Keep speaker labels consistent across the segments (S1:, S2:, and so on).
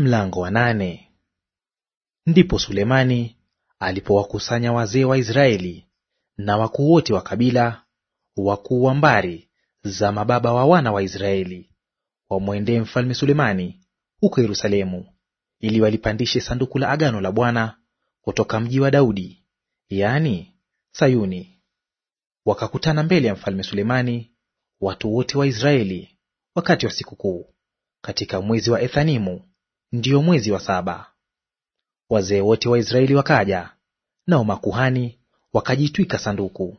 S1: Mlango wa nane. Ndipo Sulemani alipowakusanya wazee wa Israeli na wakuu wote wa kabila, wakuu wa mbari za mababa wa wana wa Israeli, wamwendee mfalme Sulemani huko Yerusalemu, ili walipandishe sanduku la agano la Bwana kutoka mji wa Daudi, yaani Sayuni. Wakakutana mbele ya mfalme Sulemani watu wote wa Israeli wakati wa sikukuu katika mwezi wa Ethanimu ndiyo mwezi wa saba. Wazee wote wa Israeli wakaja, nao makuhani wakajitwika sanduku,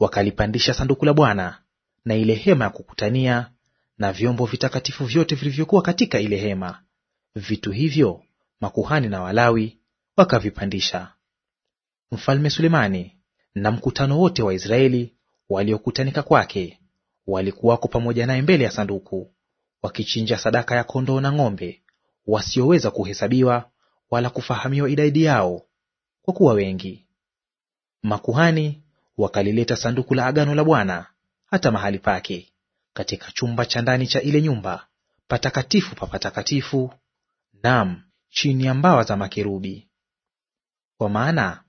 S1: wakalipandisha sanduku la Bwana na ile hema ya kukutania na vyombo vitakatifu vyote vilivyokuwa katika ile hema; vitu hivyo makuhani na Walawi wakavipandisha. Mfalme Sulemani na mkutano wote wa Israeli waliokutanika kwake walikuwako pamoja naye mbele ya sanduku, wakichinja sadaka ya kondoo na ng'ombe wasioweza kuhesabiwa wala kufahamiwa idadi yao kwa kuwa wengi. Makuhani wakalileta sanduku la agano la Bwana hata mahali pake katika chumba cha ndani cha ile nyumba patakatifu pa patakatifu, nam chini ya mbawa za makerubi. Kwa maana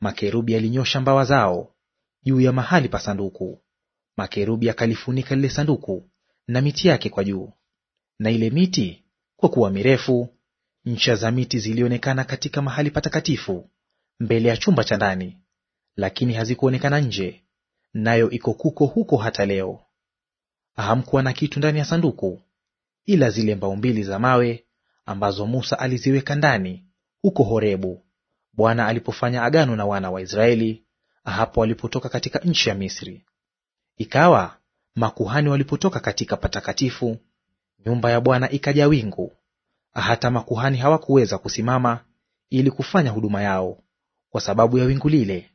S1: makerubi yalinyosha mbawa zao juu ya mahali pa sanduku, makerubi yakalifunika lile sanduku na miti yake kwa juu, na ile miti kwa kuwa mirefu, ncha za miti zilionekana katika mahali patakatifu mbele ya chumba cha ndani, lakini hazikuonekana nje; nayo iko kuko huko hata leo. Hamkuwa na kitu ndani ya sanduku ila zile mbao mbili za mawe ambazo Musa aliziweka ndani huko Horebu, Bwana alipofanya agano na wana wa Israeli hapo walipotoka katika nchi ya Misri. Ikawa makuhani walipotoka katika patakatifu nyumba ya Bwana ikaja wingu, hata makuhani hawakuweza kusimama ili kufanya huduma yao kwa sababu ya wingu lile,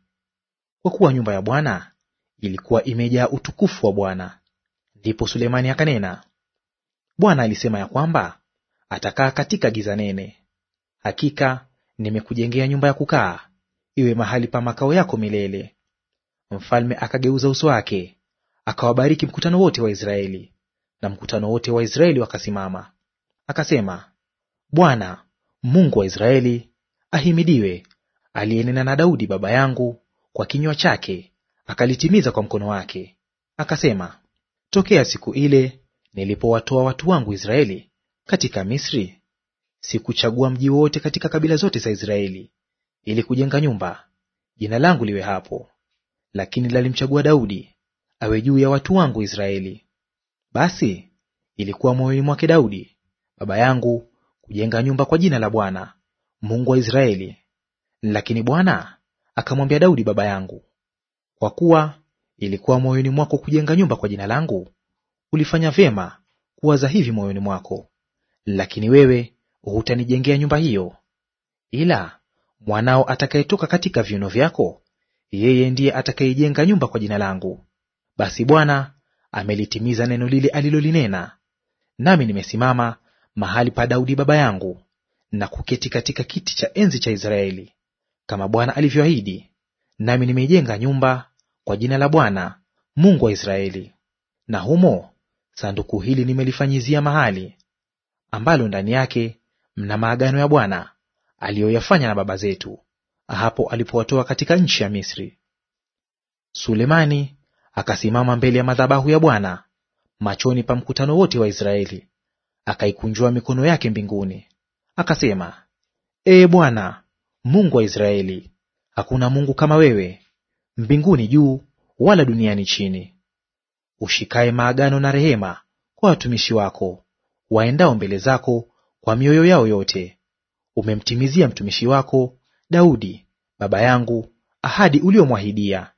S1: kwa kuwa nyumba ya Bwana ilikuwa imejaa utukufu wa Bwana. Ndipo Sulemani akanena, Bwana alisema ya kwamba atakaa katika giza nene. Hakika nimekujengea nyumba ya kukaa, iwe mahali pa makao yako milele. Mfalme akageuza uso wake akawabariki mkutano wote wa Israeli na mkutano wote wa Israeli wakasimama. Akasema, Bwana Mungu wa Israeli ahimidiwe, aliyenena na Daudi baba yangu kwa kinywa chake, akalitimiza kwa mkono wake. Akasema, tokea siku ile nilipowatoa watu wangu Israeli katika Misri, sikuchagua mji wowote katika kabila zote za Israeli ili kujenga nyumba jina langu liwe hapo, lakini lalimchagua Daudi awe juu ya watu wangu Israeli. Basi ilikuwa moyoni mwake Daudi baba yangu kujenga nyumba kwa jina la Bwana Mungu wa Israeli. Lakini Bwana akamwambia Daudi baba yangu, kwa kuwa ilikuwa moyoni mwako kujenga nyumba kwa jina langu, ulifanya vyema kuwaza hivi moyoni mwako. Lakini wewe hutanijengea nyumba hiyo, ila mwanao atakayetoka katika viuno vyako, yeye ndiye atakayejenga nyumba kwa jina langu. Basi Bwana amelitimiza neno lile alilolinena, nami nimesimama mahali pa Daudi baba yangu na kuketi katika kiti cha enzi cha Israeli, kama Bwana alivyoahidi. Nami nimeijenga nyumba kwa jina la Bwana Mungu wa Israeli, na humo sanduku hili nimelifanyizia mahali, ambalo ndani yake mna maagano ya Bwana aliyoyafanya na baba zetu, hapo alipowatoa katika nchi ya Misri. Sulemani akasimama mbele ya madhabahu ya Bwana machoni pa mkutano wote wa Israeli, akaikunjua mikono yake mbinguni, akasema, Ee Bwana Mungu wa Israeli, hakuna Mungu kama wewe mbinguni juu wala duniani chini, ushikaye maagano na rehema kwa watumishi wako waendao mbele zako kwa mioyo yao yote. Umemtimizia mtumishi wako Daudi baba yangu ahadi uliyomwahidia,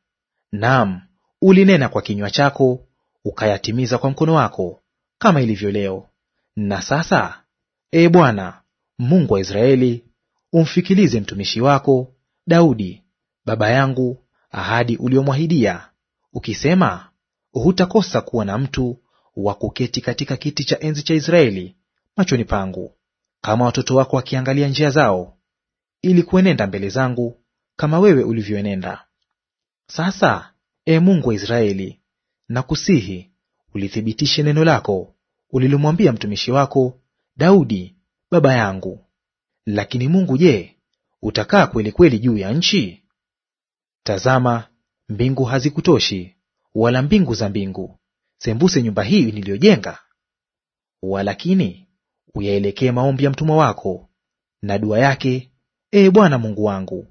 S1: naam Ulinena kwa kinywa chako, ukayatimiza kwa mkono wako, kama ilivyo leo. Na sasa, e Bwana Mungu wa Israeli, umfikilize mtumishi wako Daudi baba yangu ahadi uliyomwahidia ukisema, hutakosa kuwa na mtu wa kuketi katika kiti cha enzi cha Israeli machoni pangu, kama watoto wako wakiangalia njia zao, ili kuenenda mbele zangu kama wewe ulivyoenenda. Sasa e Mungu wa Israeli, na kusihi ulithibitishe neno lako ulilomwambia mtumishi wako Daudi baba yangu. Lakini Mungu, je, utakaa kweli kweli juu ya nchi? Tazama, mbingu hazikutoshi, wala mbingu za mbingu sembuse nyumba hii niliyojenga. Walakini uyaelekee maombi ya mtumwa wako na dua yake, ee Bwana Mungu wangu;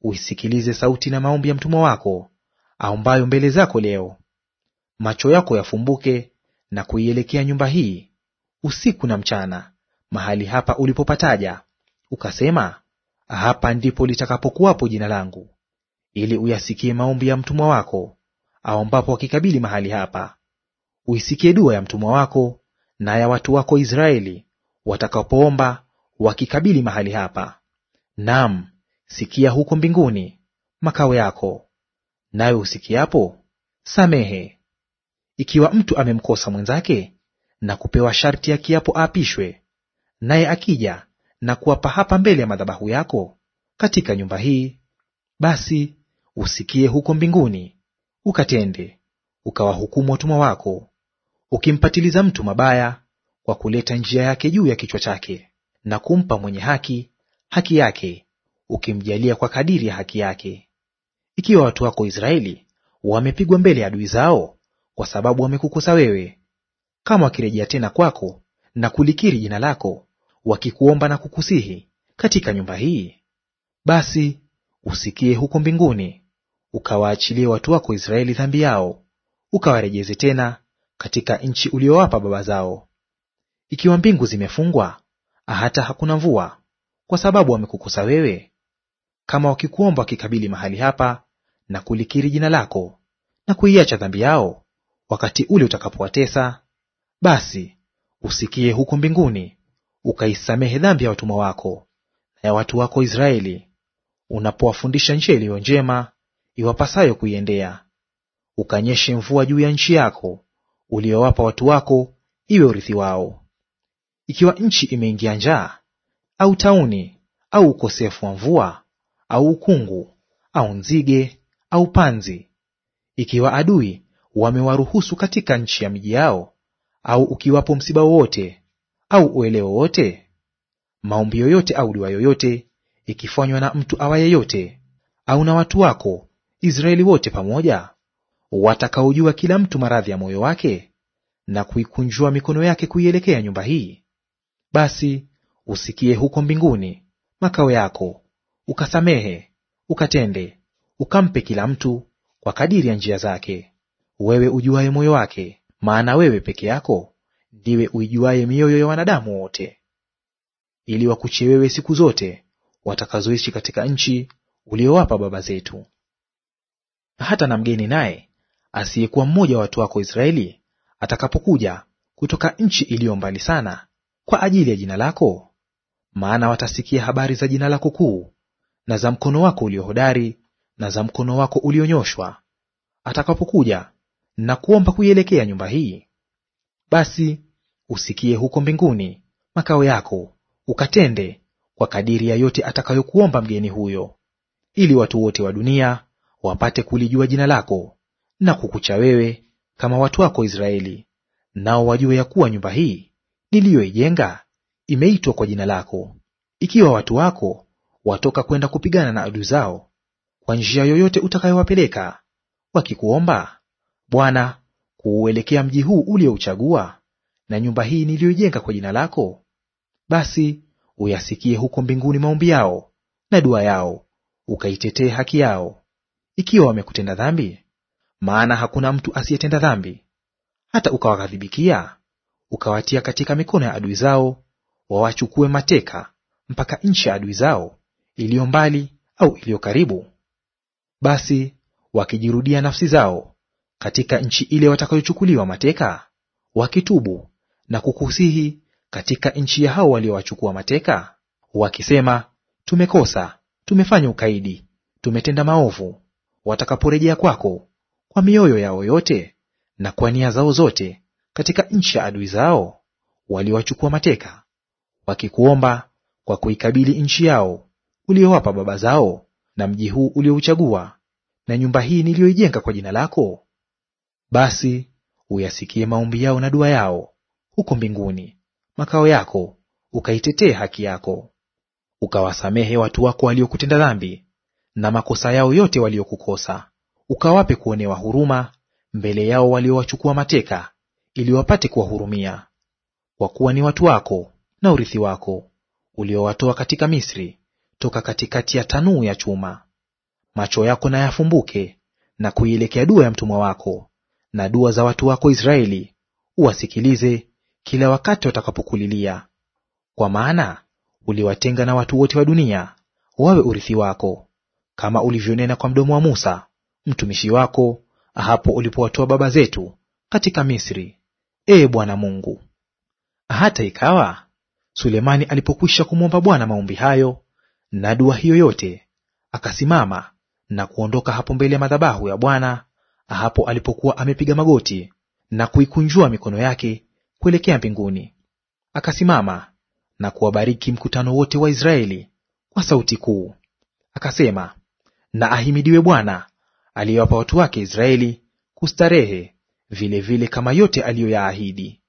S1: uisikilize sauti na maombi ya mtumwa wako aombayo mbele zako leo, macho yako yafumbuke na kuielekea nyumba hii usiku na mchana, mahali hapa ulipopataja, ukasema, hapa ndipo litakapokuwapo jina langu, ili uyasikie maombi ya mtumwa wako aombapo akikabili mahali hapa. Uisikie dua ya mtumwa wako na ya watu wako Israeli watakapoomba wakikabili mahali hapa. Naam, sikia huko mbinguni makao yako, nawe usikiapo samehe. Ikiwa mtu amemkosa mwenzake na kupewa sharti ya kiapo aapishwe, naye akija na kuapa hapa mbele ya madhabahu yako katika nyumba hii, basi usikie huko mbinguni, ukatende ukawahukumu watumwa wako, ukimpatiliza mtu mabaya kwa kuleta njia yake juu ya kichwa chake, na kumpa mwenye haki haki yake, ukimjalia kwa kadiri ya haki yake. Ikiwa watu wako Israeli wamepigwa mbele ya adui zao kwa sababu wamekukosa wewe, kama wakirejea tena kwako na kulikiri jina lako, wakikuomba na kukusihi katika nyumba hii, basi usikie huko mbinguni, ukawaachilie watu wako Israeli dhambi yao, ukawarejeze tena katika nchi uliyowapa baba zao. Ikiwa mbingu zimefungwa hata hakuna mvua, kwa sababu wamekukosa wewe, kama wakikuomba wakikabili mahali hapa na kulikiri jina lako na kuiacha dhambi yao wakati ule utakapowatesa, basi usikie huko mbinguni, ukaisamehe dhambi ya watumwa wako na ya watu wako Israeli, unapowafundisha njia iliyo njema iwapasayo kuiendea. Ukanyeshe mvua juu ya nchi yako uliyowapa watu wako iwe urithi wao. Ikiwa nchi imeingia njaa au tauni au ukosefu wa mvua, au ukungu au nzige au panzi, ikiwa adui wamewaruhusu katika nchi ya miji yao, au ukiwapo msiba wowote au uele wowote, maombi yoyote au dua yoyote ikifanywa na mtu awaye yote au na watu wako Israeli wote pamoja, watakaojua kila mtu maradhi ya moyo wake na kuikunjua mikono yake kuielekea nyumba hii, basi usikie huko mbinguni makao yako ukasamehe, ukatende, ukampe kila mtu kwa kadiri ya njia zake, wewe ujuaye moyo wake, maana wewe peke yako ndiwe uijuaye mioyo ya wanadamu wote, ili wakuche wewe siku zote watakazoishi katika nchi uliyowapa baba zetu. Hata na mgeni naye asiyekuwa mmoja wa watu wako Israeli atakapokuja kutoka nchi iliyo mbali sana kwa ajili ya jina lako, maana watasikia habari za jina lako kuu na za mkono wako uliohodari na za mkono wako ulionyoshwa, atakapokuja na kuomba kuielekea nyumba hii, basi usikie huko mbinguni makao yako, ukatende kwa kadiri ya yote atakayokuomba mgeni huyo, ili watu wote wa dunia wapate kulijua jina lako na kukucha wewe kama watu wako Israeli, nao wajue ya kuwa nyumba hii niliyoijenga imeitwa kwa jina lako. Ikiwa watu wako watoka kwenda kupigana na adui zao kwa njia yoyote utakayowapeleka, wakikuomba Bwana, kuuelekea mji huu uliouchagua na nyumba hii niliyoijenga kwa jina lako, basi uyasikie huko mbinguni maombi yao na dua yao, ukaitetee haki yao, ikiwa wamekutenda dhambi. Maana hakuna mtu asiyetenda dhambi, hata ukawaghadhibikia, ukawatia katika mikono ya adui zao, wawachukue mateka mpaka nchi ya adui zao, iliyo mbali au iliyo karibu, basi wakijirudia nafsi zao katika nchi ile watakayochukuliwa mateka, wakitubu na kukusihi katika nchi ya hao waliowachukua mateka, wakisema, tumekosa, tumefanya ukaidi, tumetenda maovu, watakaporejea kwako kwa mioyo yao yote na kwa nia zao zote katika nchi ya adui zao waliowachukua mateka, wakikuomba kwa kuikabili nchi yao uliowapa baba zao, na mji huu uliouchagua, na nyumba hii niliyoijenga kwa jina lako, basi uyasikie maombi yao na dua yao huko mbinguni, makao yako, ukaitetee haki yako. Ukawasamehe watu wako waliokutenda dhambi na makosa yao yote waliokukosa, ukawape kuonewa huruma mbele yao waliowachukua mateka, ili wapate kuwahurumia. Kwa kuwa ni watu wako na urithi wako, uliowatoa katika Misri, toka katikati ya tanuu ya chuma. Macho yako na yafumbuke na kuielekea dua ya mtumwa wako na dua za watu wako Israeli, uwasikilize kila wakati watakapokulilia. Kwa maana uliwatenga na watu wote wa dunia wawe urithi wako, kama ulivyonena kwa mdomo wa Musa mtumishi wako, hapo ulipowatoa baba zetu katika Misri, ee Bwana Mungu. Hata ikawa Sulemani alipokwisha kumwomba Bwana maombi hayo, na dua hiyo yote akasimama na kuondoka hapo mbele ya madhabahu ya Bwana hapo alipokuwa amepiga magoti na kuikunjua mikono yake kuelekea mbinguni. Akasimama na kuwabariki mkutano wote wa Israeli kwa sauti kuu, akasema, na ahimidiwe Bwana aliyewapa watu wake Israeli kustarehe vilevile vile kama yote aliyoyaahidi.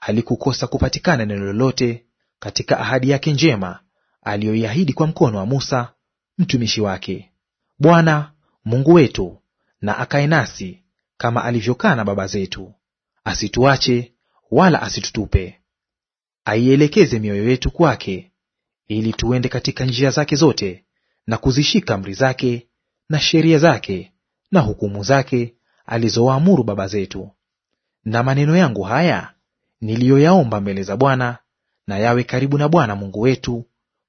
S1: Halikukosa kupatikana neno lolote katika ahadi yake njema aliyoiahidi kwa mkono wa Musa mtumishi wake. Bwana Mungu wetu na akae nasi kama alivyokaa na baba zetu, asituache wala asitutupe. Aielekeze mioyo yetu kwake, ili tuende katika njia zake zote na kuzishika amri zake na sheria zake na hukumu zake alizowaamuru baba zetu. Na maneno yangu haya niliyoyaomba mbele za Bwana na yawe karibu na Bwana Mungu wetu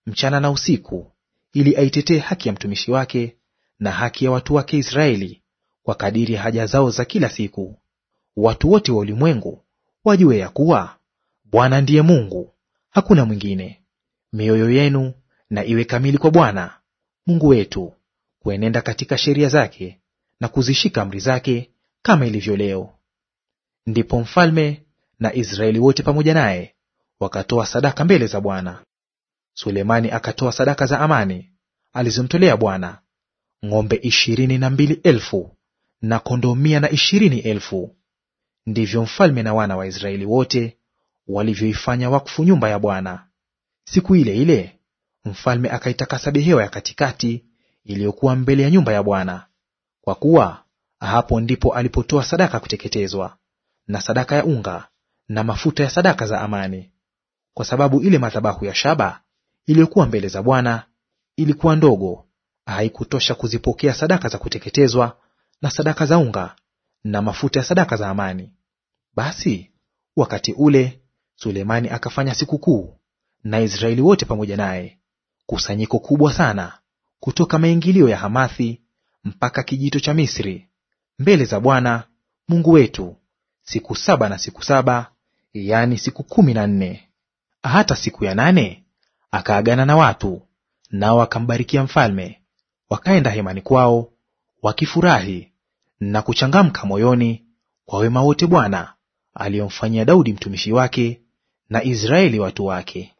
S1: mchana na usiku, ili aitetee haki ya mtumishi wake na haki ya watu wake Israeli kwa kadiri ya haja zao za kila siku. Watu wote wa ulimwengu wajue ya kuwa Bwana ndiye Mungu, hakuna mwingine. Mioyo yenu na iwe kamili kwa Bwana Mungu wetu, kuenenda katika sheria zake na kuzishika amri zake kama ilivyo leo. Ndipo mfalme na Israeli wote pamoja naye wakatoa sadaka mbele za Bwana. Sulemani akatoa sadaka za amani alizomtolea Bwana, ng'ombe ishirini na mbili elfu na kondoo mia na ishirini elfu. Ndivyo mfalme na wana wa Israeli wote walivyoifanya wakfu nyumba ya Bwana. Siku ile ile mfalme akaitakasa behewa ya katikati iliyokuwa mbele ya nyumba ya Bwana, kwa kuwa hapo ndipo alipotoa sadaka kuteketezwa na sadaka ya unga na mafuta ya sadaka za amani, kwa sababu ile madhabahu ya shaba iliyokuwa mbele za Bwana ilikuwa ndogo, haikutosha kuzipokea sadaka za kuteketezwa na sadaka za unga na mafuta ya sadaka za amani. Basi wakati ule Sulemani akafanya sikukuu na Israeli wote pamoja naye, kusanyiko kubwa sana, kutoka maingilio ya Hamathi mpaka kijito cha Misri, mbele za Bwana Mungu wetu siku saba na siku saba, yaani siku kumi na nne. Hata siku ya nane akaagana na watu, nao akambarikia mfalme, wakaenda hemani kwao wakifurahi na kuchangamka moyoni kwa wema wote Bwana aliyomfanyia Daudi mtumishi wake na Israeli watu wake.